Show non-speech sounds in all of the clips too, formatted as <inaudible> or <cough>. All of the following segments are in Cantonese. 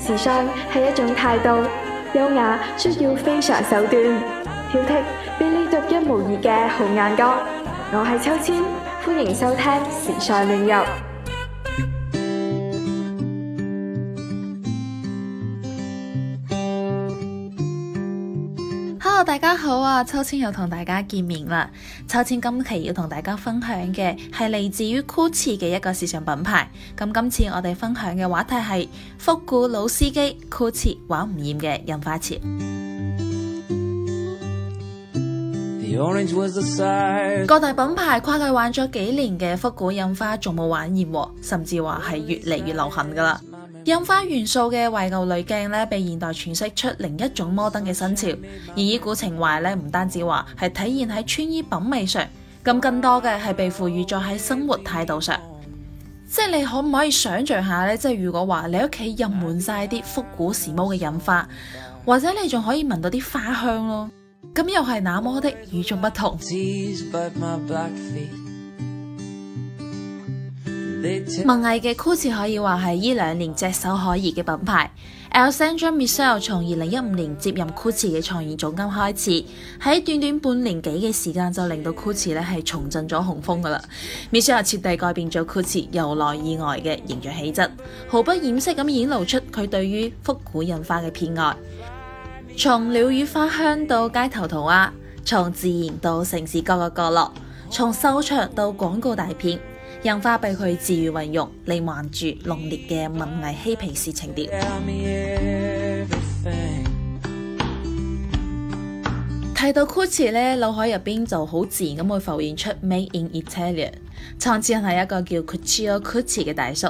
時尚係一種態度，優雅需要非常手段，挑剔俾你獨一無二嘅好眼光。我係秋千，歡迎收聽時尚亂遊。Hello 大家好啊！秋千又同大家見面啦。秋千今期要同大家分享嘅係嚟自於 Gucci 嘅一個時尚品牌。咁今次我哋分享嘅話題係復古老司機 Gucci 玩唔厭嘅印花潮。The was the side. 各大品牌跨界玩咗幾年嘅復古印花仲冇玩厭，甚至話係越嚟越流行噶啦。印花元素嘅懷舊濾鏡咧，被現代詮釋出另一種摩登嘅新潮。而呢股情懷咧，唔單止話係體現喺穿衣品味上，咁更多嘅係被賦予咗喺生活態度上。即係你可唔可以想象下咧？即係如果話你屋企印滿晒啲復古時髦嘅印花，或者你仲可以聞到啲花香咯，咁又係那麼的與眾不同。 <music> 文藝嘅古馳可以話係呢兩年炙手可熱嘅品牌。Alessandro Michele 從二零一五年接任古馳嘅創意總監開始，喺短短半年幾嘅時間就令到古馳咧係重振咗雄風噶啦。Michele 徹底改變咗古馳由內而外嘅形象氣質，毫不掩飾咁顯露出佢對於複古印花嘅偏愛。從鳥語花香到街頭塗鴉，從自然到城市各個角，角落，從秀場到廣告大片。印花被佢自如運用，瀰漫住濃烈嘅文藝嬉皮士情調。 <music> 提到 GUCCI 咧，腦海入邊就好自然咁會浮現出 Made in Italy。創始人係一個叫 Guccio Gucci 嘅大叔，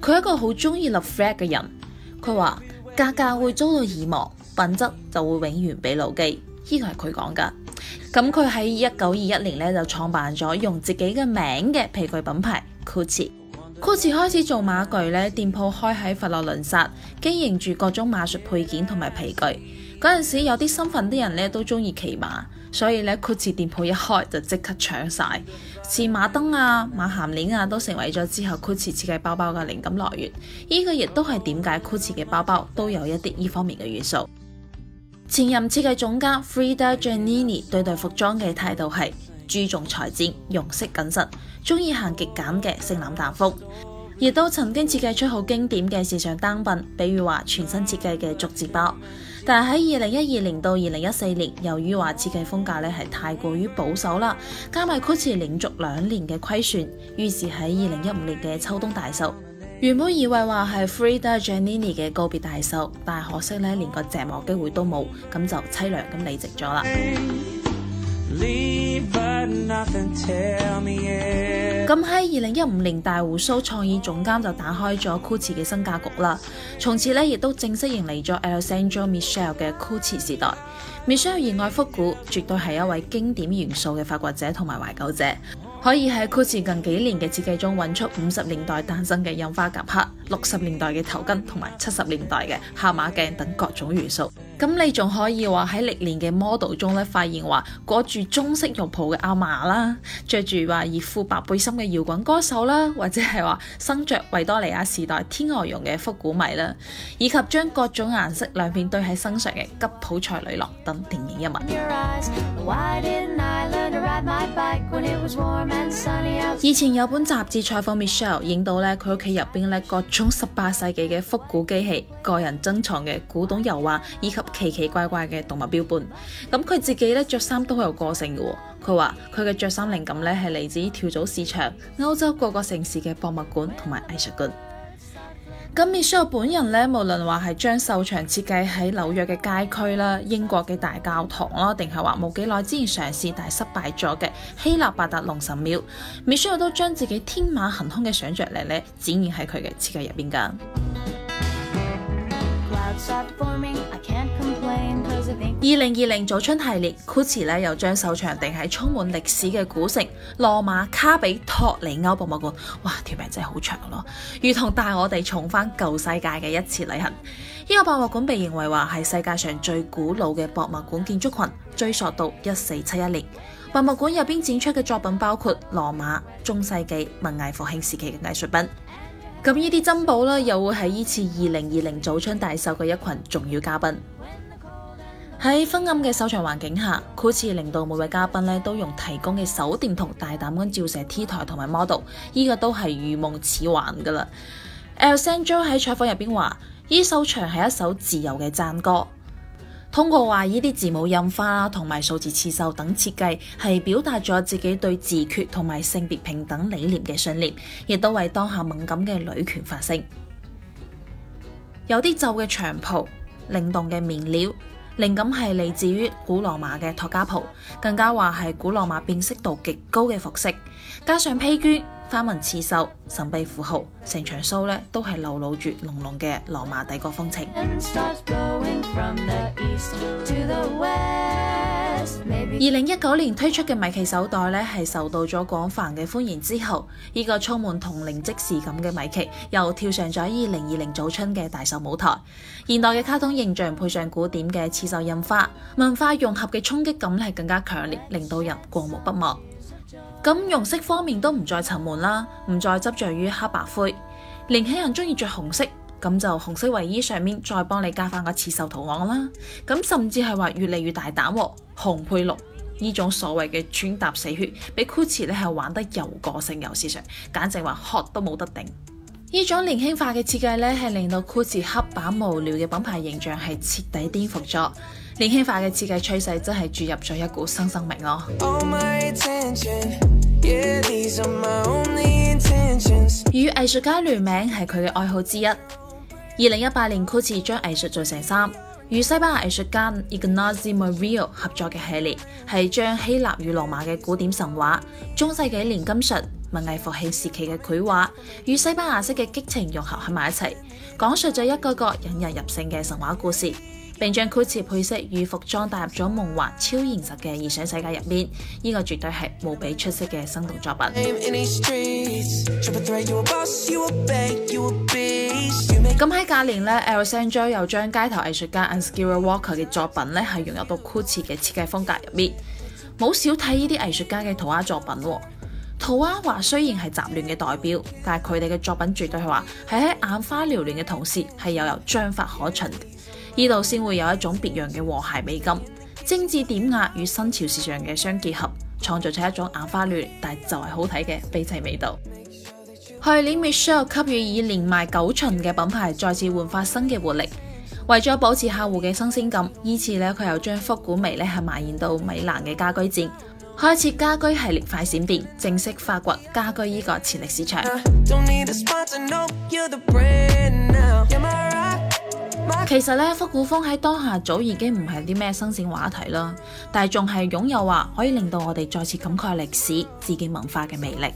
佢一個好中意立 flag 嘅人。佢話：價格會遭到遺忘，品質就會永遠被牢記。呢個係佢講㗎。咁佢喺一九二一年咧就創辦咗用自己嘅名嘅皮具品牌 Gucci。Gucci 開始做馬具咧，店鋪開喺佛羅倫薩，經營住各種馬術配件同埋皮具。嗰陣時有啲身份啲人咧都中意騎馬，所以咧 Gucci 店鋪一開就即刻搶晒。似馬鐙啊、馬銜鏈啊，都成為咗之後 Gucci 設計包包嘅靈感來源。呢個亦都係點解 Gucci 嘅包包都有一啲呢方面嘅元素。前任設計總監 Frida Giannini 對待服裝嘅態度係注重裁剪，用色謹慎，中意行極簡嘅性冷淡風，亦都曾經設計出好經典嘅時尚單品，比如話全新設計嘅竹節包。但喺二零一二年到二零一四年，由於話設計風格咧係太過於保守啦，加埋 Gucci 連續兩年嘅虧損，於是喺二零一五年嘅秋冬大秀，原本以為話係 Frida Giannini 嘅告別大秀，但係可惜咧，連個謝幕機會都冇，咁就凄涼咁離席咗啦。咁喺二零一五年，大鬍鬚創意總監就打開咗 Gucci 嘅新格局啦，從此咧亦都正式迎嚟咗 Alessandro Michele 嘅 Gucci 時代。 <music> Michele 熱愛復古，絕對係一位經典元素嘅發掘者同埋懷舊者。可以喺 Gucci 近幾年嘅設計中揾出五十年代誕生嘅印花夾克、六十年代嘅頭巾同埋七十年代嘅蛤蟆鏡等各種元素。咁你仲可以話喺歷年嘅 model 中咧，發現話裹住中式浴袍嘅阿嫲啦，着住話熱褲白背心嘅搖滾歌手啦，或者係話身着維多利亞時代天鵝絨嘅復古迷啦，以及將各種顏色亮片堆喺身上嘅吉普賽女郎等電影人物。以前有本雜誌採訪 Michele，影到咧佢屋企入邊咧各種十八世紀嘅復古機器、個人珍藏嘅古董油畫以及奇奇怪怪嘅動物標本。咁佢自己咧着衫都好有個性嘅。佢話佢嘅着衫靈感咧係嚟自跳蚤市場、歐洲各個城市嘅博物館同埋藝術館。咁美舒勒本人咧，無論話係將秀場設計喺紐約嘅街區啦，英國嘅大教堂啦，定係話冇幾耐之前嘗試但係失敗咗嘅希臘巴達龍神廟，美舒勒都將自己天馬行空嘅想象力咧，展現喺佢嘅設計入邊噶。 <music> 二零二零早春系列 Gucci 呢又將秀場定喺充滿歷史嘅古城羅馬卡比托利歐博物館。哇，條名真係好長咯，如同帶我哋重返舊世界嘅一次旅行。呢個博物館被認為話係世界上最古老嘅博物館建築群，追溯到一四七一年。博物館入邊展出嘅作品包括羅馬中世紀文藝復興時期嘅藝術品。咁呢啲珍寶呢，又會喺呢次二零二零早春大秀嘅一群重要嘉賓。喺昏暗嘅秀場環境下，好似令到每位嘉賓咧都用提供嘅手電筒大膽咁照射 T 台同埋 model，依個都係如夢似幻噶啦。Alessandro 喺採訪入邊話：依秀場係一首自由嘅讚歌，通過話依啲字母印花同埋數字刺繡等設計，係表達咗自己對自決同埋性別平等理念嘅信念，亦都為當下敏感嘅女權發聲。有啲皺嘅長袍，靈動嘅面料。靈感係嚟自於古羅馬嘅托加袍，更加話係古羅馬辨識度極高嘅服飾，加上披肩、花紋刺繡、神秘符號，成場 show 咧都係流露住濃濃嘅羅馬帝國風情。二零一九年推出嘅米奇手袋呢，係受到咗廣泛嘅歡迎之後，呢個充滿童齡即視感嘅米奇又跳上咗二零二零早春嘅大秀舞台。現代嘅卡通形象配上古典嘅刺繡印花，文化融合嘅衝擊感係更加強烈，令到人過目不忘。咁用色方面都唔再沉悶啦，唔再執着於黑白灰，年輕人中意着紅色，咁就紅色衛衣上面再幫你加翻個刺繡圖案啦，咁甚至係話越嚟越大膽，啊，紅配綠呢種所謂嘅穿搭死穴，俾 GUCCI 咧，係玩得又個性又時尚，簡直話喝都冇得頂。呢種年輕化嘅設計咧，係令到 GUCCI 刻板無聊嘅品牌形象係徹底顛覆咗，年輕化嘅設計趨勢真係注入咗一股新生，生命咯，啊。My yeah, my 與藝術家聯名係佢嘅愛好之一。二零一八年 Gucci 將藝術做成衫，與西班牙藝術家 Ignasi Monreal 合作嘅系列，係將希臘與羅馬嘅古典神話、中世紀煉金術、文藝復興時期嘅繪畫，與西班牙式嘅激情融合喺埋一齊，講述咗一個個引人入勝嘅神話故事，並將 Gucci 配色與服裝帶入咗夢幻超現實嘅異想世界入面。呢個絕對係無比出色嘅生動作品。 <music> 咁喺隔年咧 Alessandro 又將街頭藝術家 Unskilled Worker 嘅作品咧係融入到 Gucci 嘅設計風格入面。冇少睇呢啲藝術家嘅塗鴉作品，哦。塗鴉話雖然係雜亂嘅代表，但係佢哋嘅作品絕對係話係喺眼花繚亂嘅同時係又有章法可循。呢度先會有一種別樣嘅和諧美感，精致典雅與新潮時尚嘅相結合，創造出一種眼花亂但係就係好睇嘅悲齊味道。去年，Michele 給予以連賣九旬嘅品牌再次煥發新嘅活力，為咗保持客戶嘅新鮮感，依次咧佢又將復古味咧係蔓延到米蘭嘅家居展，開設家居系列快閃店，正式發掘家居依個潛力市場。 <music> 其實咧復古風喺當下早已經唔係啲咩新鮮話題啦，但係仲係擁有話可以令到我哋再次感慨歷史、自己文化嘅魅力。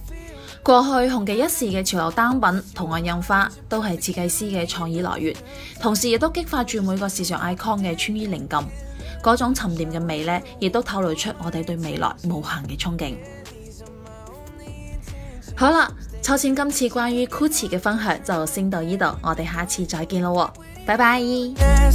過去紅極一時嘅潮流單品、圖案印花，都係設計師嘅創意來源，同時亦都激發住每個時尚 icon 嘅穿衣靈感。嗰種沉澱嘅味呢，亦都透露出我哋對未來無限嘅憧憬。好啦，秋千今次關於 Gucci 嘅分享就先到呢度，我哋下次再見咯，拜拜。Yes.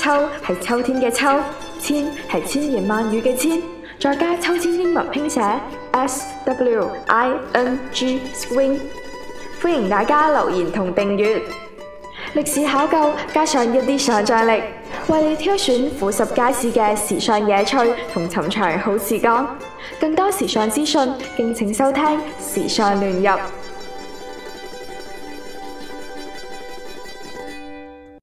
秋係秋天嘅秋，千係千言萬語嘅千，再加秋千英文拼寫 S W I N G Swing。歡迎大家留言同訂閱。歷史考究加上一啲想象力，為你挑選富十街市嘅時尚野趣同尋常好時光。更多時尚資訊，敬請收聽時尚亂入。